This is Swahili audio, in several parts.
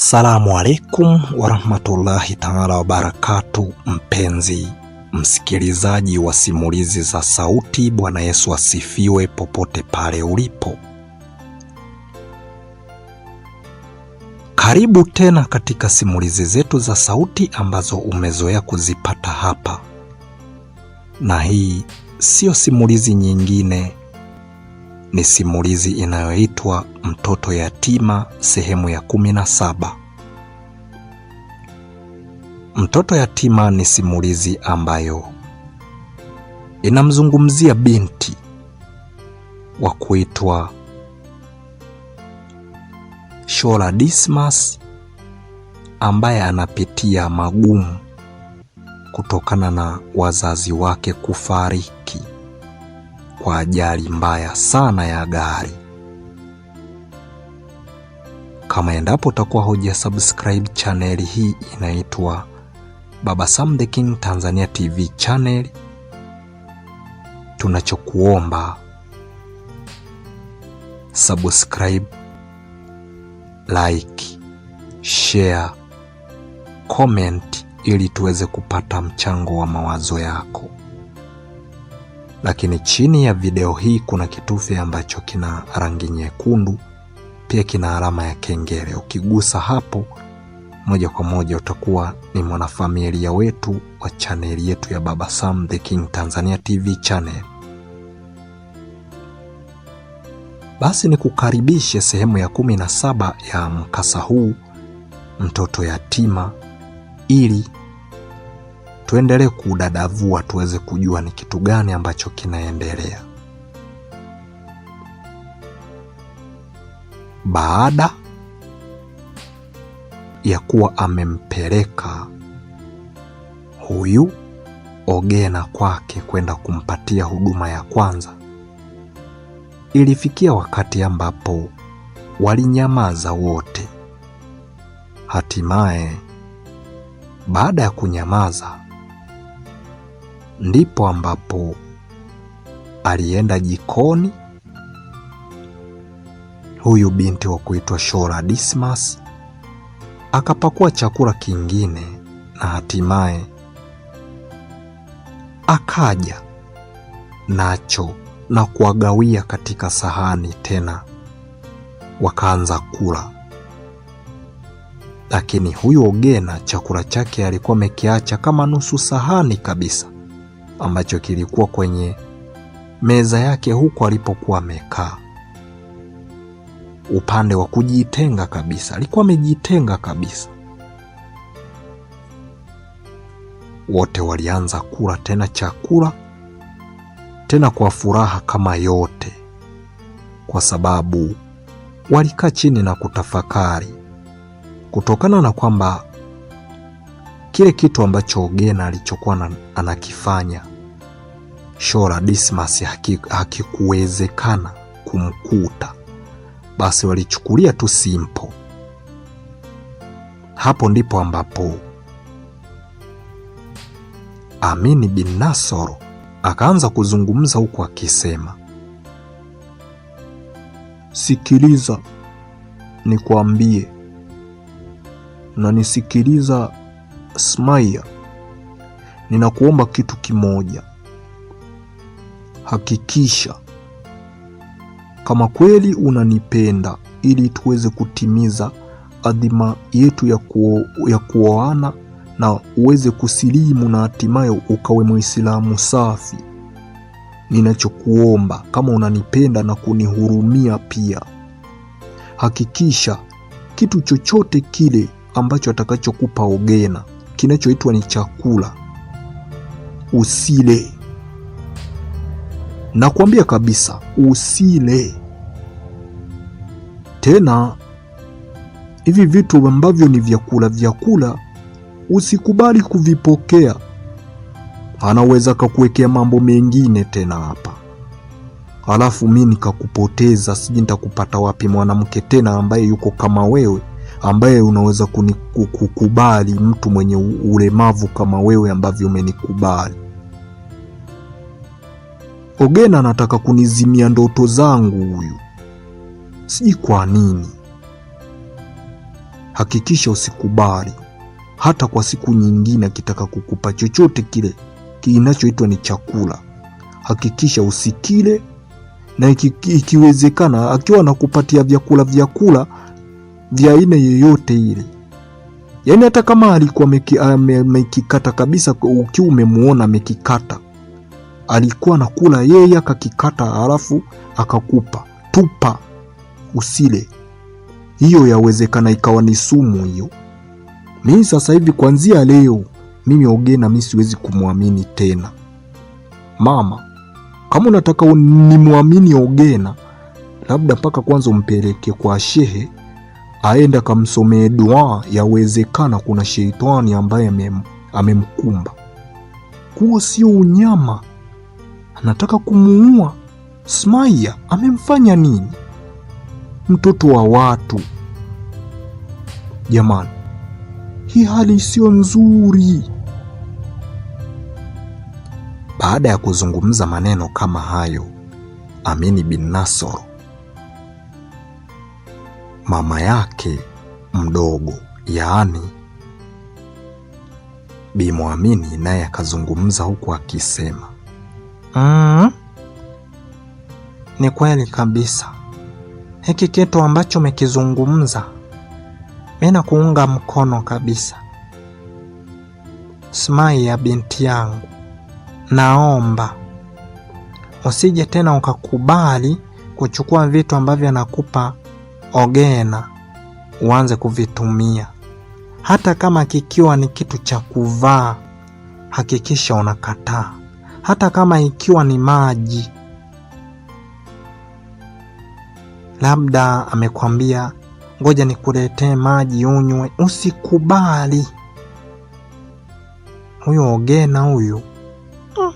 Assalamu alaikum warahmatullahi taala wabarakatu, mpenzi msikilizaji wa simulizi za sauti. Bwana Yesu asifiwe popote pale ulipo. Karibu tena katika simulizi zetu za sauti ambazo umezoea kuzipata hapa, na hii siyo simulizi nyingine ni simulizi inayoitwa Mtoto Yatima sehemu ya kumi na saba. Mtoto Yatima ni simulizi ambayo inamzungumzia binti wa kuitwa Shola Dismas ambaye anapitia magumu kutokana na wazazi wake kufariki kwa ajali mbaya sana ya gari. Kama endapo utakuwa hoja subscribe chaneli hii inaitwa Baba Sam the King Tanzania TV channel, tunachokuomba subscribe, like, share, comment ili tuweze kupata mchango wa mawazo yako. Lakini chini ya video hii kuna kitufe ambacho kina rangi nyekundu, pia kina alama ya kengele. Ukigusa hapo moja kwa moja utakuwa ni mwanafamilia wetu wa chaneli yetu ya Baba Sam The King Tanzania TV channel. Basi ni kukaribishe sehemu ya kumi na saba ya mkasa huu mtoto yatima ili tuendelee kudadavua tuweze kujua ni kitu gani ambacho kinaendelea. Baada ya kuwa amempeleka huyu Ogena kwake kwenda kumpatia huduma ya kwanza, ilifikia wakati ambapo walinyamaza wote. Hatimaye baada ya kunyamaza ndipo ambapo alienda jikoni huyu binti wa kuitwa Shora Dismas akapakua chakula kingine, na hatimaye akaja nacho na kuwagawia katika sahani tena, wakaanza kula. Lakini huyu Ogena chakula chake alikuwa amekiacha kama nusu sahani kabisa ambacho kilikuwa kwenye meza yake huko alipokuwa amekaa upande wa kujitenga kabisa, alikuwa amejitenga kabisa. Wote walianza kula tena chakula tena kwa furaha kama yote, kwa sababu walikaa chini na kutafakari, kutokana na kwamba kile kitu ambacho Ogena alichokuwa anakifanya Shora Dismas hakikuwezekana haki kumkuta, basi walichukulia tu Simpo. Hapo ndipo ambapo Amini bin Nasoro akaanza kuzungumza huku akisema, sikiliza nikwambie, na nisikiliza Smaia, ninakuomba kitu kimoja hakikisha kama kweli unanipenda ili tuweze kutimiza adhima yetu ya, kuo, ya kuoana na uweze kusilimu na hatimaye ukawe Muislamu safi. Ninachokuomba, kama unanipenda na kunihurumia pia, hakikisha kitu chochote kile ambacho atakachokupa Ogena kinachoitwa ni chakula usile nakwambia kabisa, usile tena hivi vitu ambavyo ni vyakula vyakula, usikubali kuvipokea, anaweza kakuwekea mambo mengine tena hapa, alafu mi nikakupoteza, sijui nitakupata wapi mwanamke tena ambaye yuko kama wewe, ambaye unaweza kukubali mtu mwenye ulemavu kama wewe ambavyo umenikubali. Ogena anataka kunizimia ndoto zangu huyu, sijui kwa nini. Hakikisha usikubali hata kwa siku nyingine, akitaka kukupa chochote kile kinachoitwa ni chakula, hakikisha usikile, na ikiwezekana, akiwa anakupatia vyakula vyakula vya aina yoyote ile yaani hata kama alikuwa amekikata kabisa, ukiwa umemuona amekikata alikuwa anakula yeye, akakikata halafu akakupa tupa, usile. Hiyo yawezekana ikawa ni sumu hiyo. Mimi sasa hivi kuanzia leo mimi Ogena mimi siwezi kumwamini tena. Mama, kama unataka nimwamini Ogena, labda mpaka kwanza umpeleke kwa shehe aende akamsomee dua, yawezekana kuna sheitani ambaye amemkumba. Kuo sio unyama, anataka kumuua. Smaia amemfanya nini? Mtoto wa watu jamani, hii hali sio nzuri. Baada ya kuzungumza maneno kama hayo, Amini bin Nasr mama yake mdogo, yaani Bi Muamini, naye akazungumza huku akisema Mm, ni kweli kabisa. Hiki kitu ambacho umekizungumza mimi nakuunga mkono kabisa. Smile ya binti yangu, naomba usije tena ukakubali kuchukua vitu ambavyo anakupa Ogena uanze kuvitumia, hata kama kikiwa ni kitu cha kuvaa, hakikisha unakataa hata kama ikiwa ni maji. Labda amekwambia ngoja nikuletee maji unywe, usikubali. Huyo Ogena huyu hmm,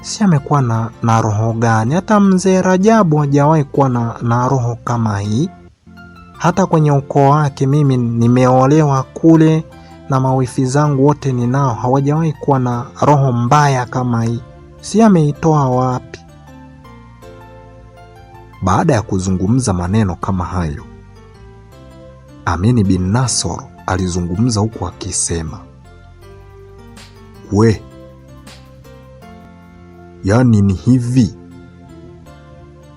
si amekuwa na, na roho gani? Hata mzee Rajabu hajawahi kuwa na, na roho kama hii. Hata kwenye ukoo wake mimi nimeolewa kule na mawifi zangu wote ninao hawajawahi kuwa na roho mbaya kama hii, si ameitoa wapi? Baada ya kuzungumza maneno kama hayo, Amini bin Nasor alizungumza huku akisema, we, yaani ni hivi,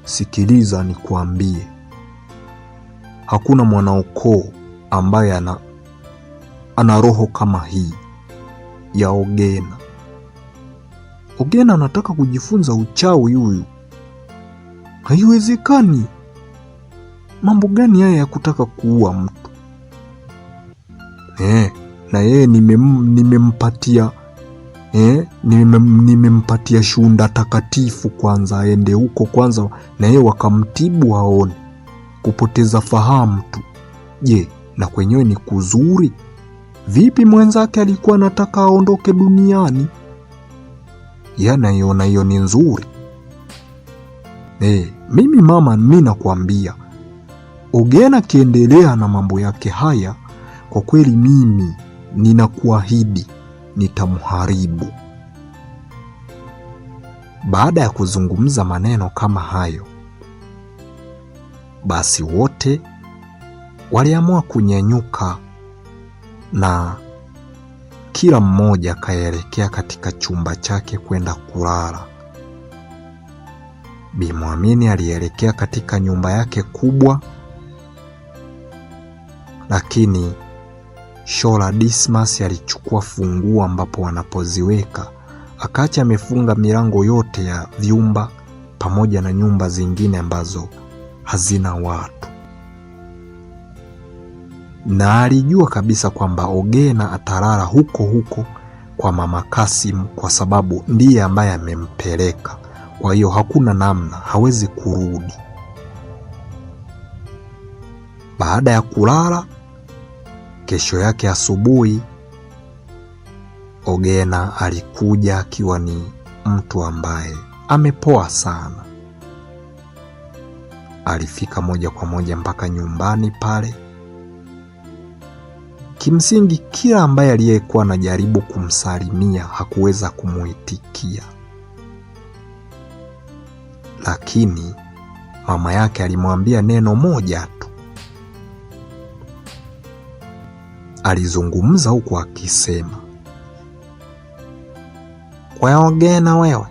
sikiliza nikuambie, hakuna mwanaukoo ambaye ana ana roho kama hii ya Ogena. Ogena anataka kujifunza uchawi huyu, haiwezekani. Mambo gani haya ya kutaka kuua mtu eh? Na yeye nimem, nimempatia eh, nimem, nimempatia shunda takatifu kwanza, aende huko kwanza na yeye wakamtibu aone, kupoteza fahamu tu. Je, na kwenyewe ni kuzuri? Vipi mwenzake alikuwa anataka aondoke duniani? Yanaiona hiyo ni nzuri. E, mimi mama, mi nakwambia Ogena akiendelea na mambo yake haya, kwa kweli mimi ninakuahidi nitamharibu. Baada ya kuzungumza maneno kama hayo, basi wote waliamua kunyanyuka na kila mmoja akaelekea katika chumba chake kwenda kulala. bimwamini alielekea katika nyumba yake kubwa, lakini Shola Dismas alichukua funguo ambapo wanapoziweka akaacha amefunga milango yote ya vyumba pamoja na nyumba zingine ambazo hazina watu na alijua kabisa kwamba Ogena atalala huko huko kwa mama Kasim kwa sababu ndiye ambaye amempeleka. Kwa hiyo hakuna namna, hawezi kurudi. Baada ya kulala, kesho yake asubuhi, Ogena alikuja akiwa ni mtu ambaye amepoa sana. Alifika moja kwa moja mpaka nyumbani pale Kimsingi kila ambaye aliyekuwa anajaribu kumsalimia hakuweza kumuitikia. Lakini mama yake alimwambia neno moja tu. Alizungumza huku akisema, weongee wewe,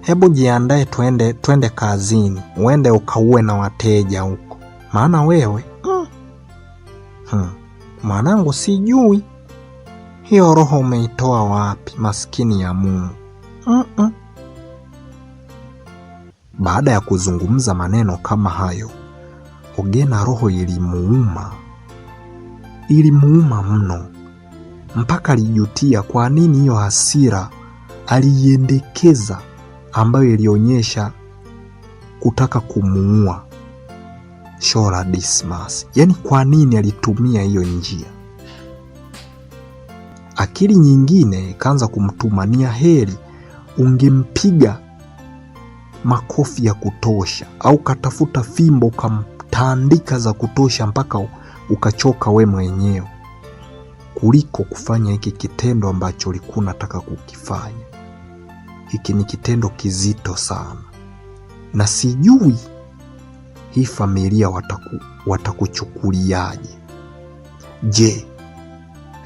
hebu jiandae, twende twende kazini, uende ukaue na wateja huko, maana wewe hmm. Mwanangu, sijui hiyo roho umeitoa wapi, maskini ya Mungu. mm -mm. Baada ya kuzungumza maneno kama hayo, Ogena roho ilimuuma, ilimuuma mno mpaka alijutia kwa nini hiyo hasira aliiendekeza ambayo ilionyesha kutaka kumuua Shola Dismas. Yaani kwa nini alitumia hiyo njia? Akili nyingine ikaanza kumtumania heri ungempiga makofi ya kutosha au katafuta fimbo ukamtandika za kutosha mpaka ukachoka we mwenyewe kuliko kufanya hiki kitendo ambacho ulikuwa unataka kukifanya. Hiki ni kitendo kizito sana, na sijui hii familia wataku, watakuchukuliaje? Je,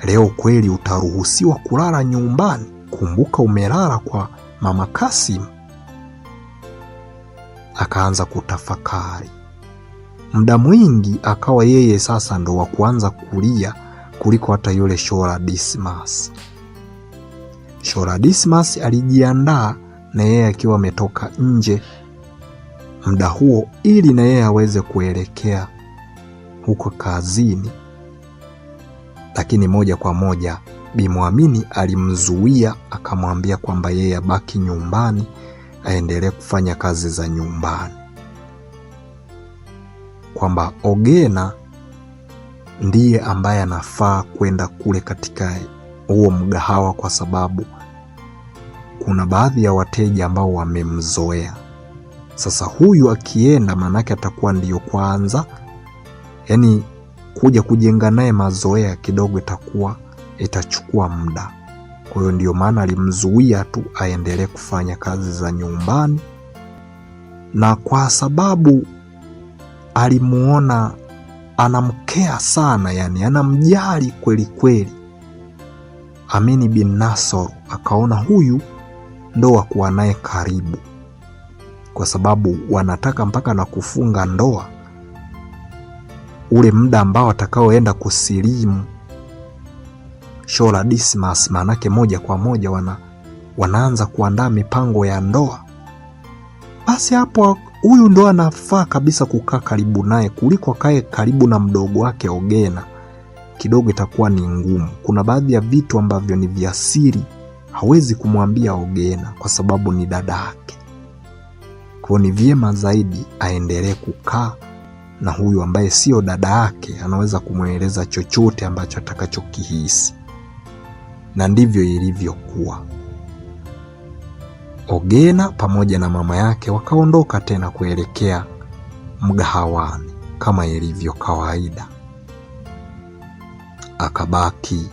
leo kweli utaruhusiwa kulala nyumbani? Kumbuka umelala kwa mama Kasim. Akaanza kutafakari muda mwingi, akawa yeye sasa ndo wa kuanza kulia kuliko hata yule Shora Dismas. Shora Dismas alijiandaa na yeye akiwa ametoka nje muda huo ili na yeye aweze kuelekea huko kazini. Lakini moja kwa moja Bimwamini alimzuia akamwambia kwamba yeye abaki nyumbani aendelee kufanya kazi za nyumbani, kwamba Ogena ndiye ambaye anafaa kwenda kule katika huo mgahawa kwa sababu kuna baadhi ya wateja ambao wamemzoea. Sasa huyu akienda, maanake atakuwa ndiyo kwanza, yani kuja kujenga naye mazoea kidogo itakuwa itachukua muda. Kwa hiyo ndio maana alimzuia tu aendelee kufanya kazi za nyumbani, na kwa sababu alimuona anamkea sana, yani anamjali kweli kweli. Amini bin Nasor akaona huyu ndo wakuwa naye karibu kwa sababu wanataka mpaka na kufunga ndoa ule muda ambao watakaoenda kusilimu shola Dismas, maanake moja kwa moja wana, wanaanza kuandaa mipango ya ndoa. Basi hapo huyu ndo anafaa kabisa kukaa karibu naye kuliko akae karibu na mdogo wake Ogena, kidogo itakuwa ni ngumu. Kuna baadhi ya vitu ambavyo ni vya siri hawezi kumwambia Ogena kwa sababu ni dada yake. Kwa ni vyema zaidi aendelee kukaa na huyu ambaye sio dada yake, anaweza kumweleza chochote ambacho atakachokihisi, na ndivyo ilivyokuwa. Ogena pamoja na mama yake wakaondoka tena kuelekea mgahawani kama ilivyo kawaida, akabaki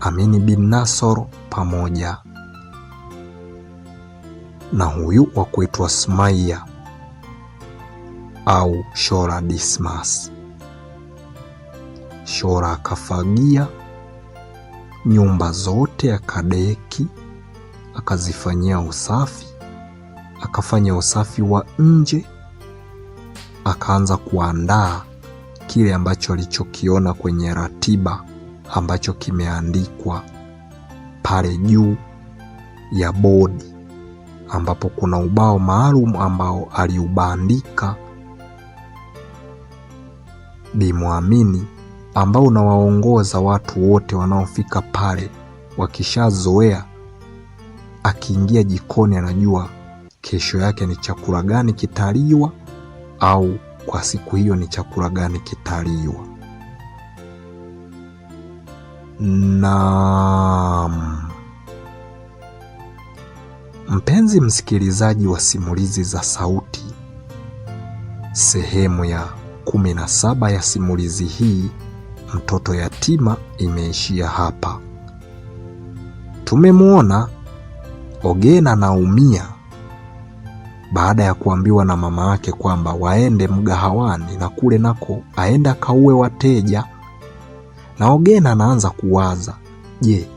Amini bin Nasoro pamoja na huyu wa kuitwa Smaia au Shora Dismas. Shora akafagia nyumba zote akadeki, akazifanyia usafi, akafanya usafi wa nje, akaanza kuandaa kile ambacho alichokiona kwenye ratiba ambacho kimeandikwa pale juu ya bodi ambapo kuna ubao maalum ambao aliubandika Bi Muamini ambao unawaongoza watu wote wanaofika pale. Wakishazoea akiingia jikoni, anajua kesho yake ni chakula gani kitaliwa, au kwa siku hiyo ni chakula gani kitaliwa. Naam. Mpenzi msikilizaji wa simulizi za sauti, sehemu ya 17 ya simulizi hii mtoto yatima imeishia hapa. Tumemwona Ogena naumia baada ya kuambiwa na mama yake kwamba waende mgahawani na kule nako aende akaue wateja, na Ogena anaanza kuwaza, je,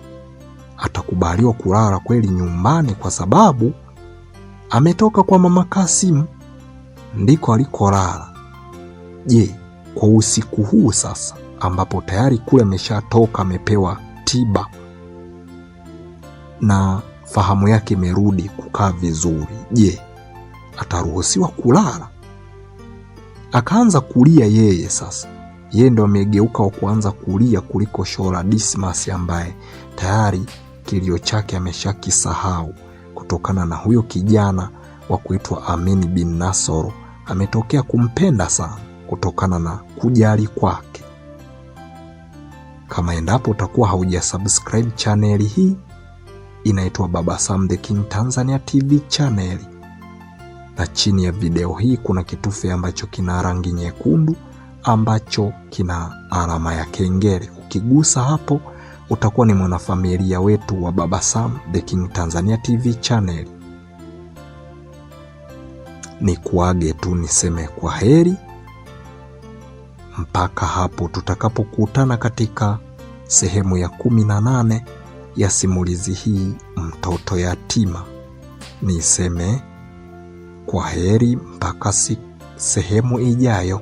atakubaliwa kulala kweli nyumbani kwa sababu ametoka kwa mama Kasim ndiko alikolala. Je, kwa usiku huu sasa ambapo tayari kule ameshatoka amepewa tiba na fahamu yake imerudi kukaa vizuri, je, ataruhusiwa kulala? Akaanza kulia yeye sasa, yeye ndo amegeuka wa kuanza kulia kuliko Shola Dismas ambaye tayari kilio chake ameshakisahau kutokana na huyo kijana wa kuitwa Amin bin Nasoro ametokea kumpenda sana kutokana na kujali kwake. Kama endapo utakuwa haujasubscribe chaneli hii inaitwa Baba Sam the King Tanzania TV chaneli, na chini ya video hii kuna kitufe ambacho kina rangi nyekundu ambacho kina alama ya kengele. Ukigusa hapo utakuwa ni mwanafamilia wetu wa Baba Sam The King Tanzania TV channel. Ni kuage tu niseme kwa heri mpaka hapo tutakapokutana katika sehemu ya kumi na nane ya simulizi hii Mtoto Yatima. Niseme kwa heri mpaka si sehemu ijayo.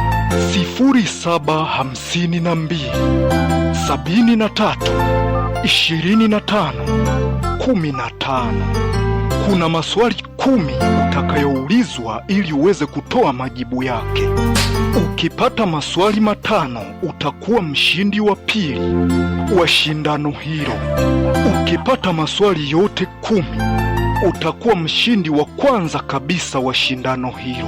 tano kumi na tano. Kuna maswali kumi utakayoulizwa ili uweze kutoa majibu yake. Ukipata maswali matano utakuwa mshindi wa pili wa shindano hilo. Ukipata maswali yote kumi utakuwa mshindi wa kwanza kabisa wa shindano hilo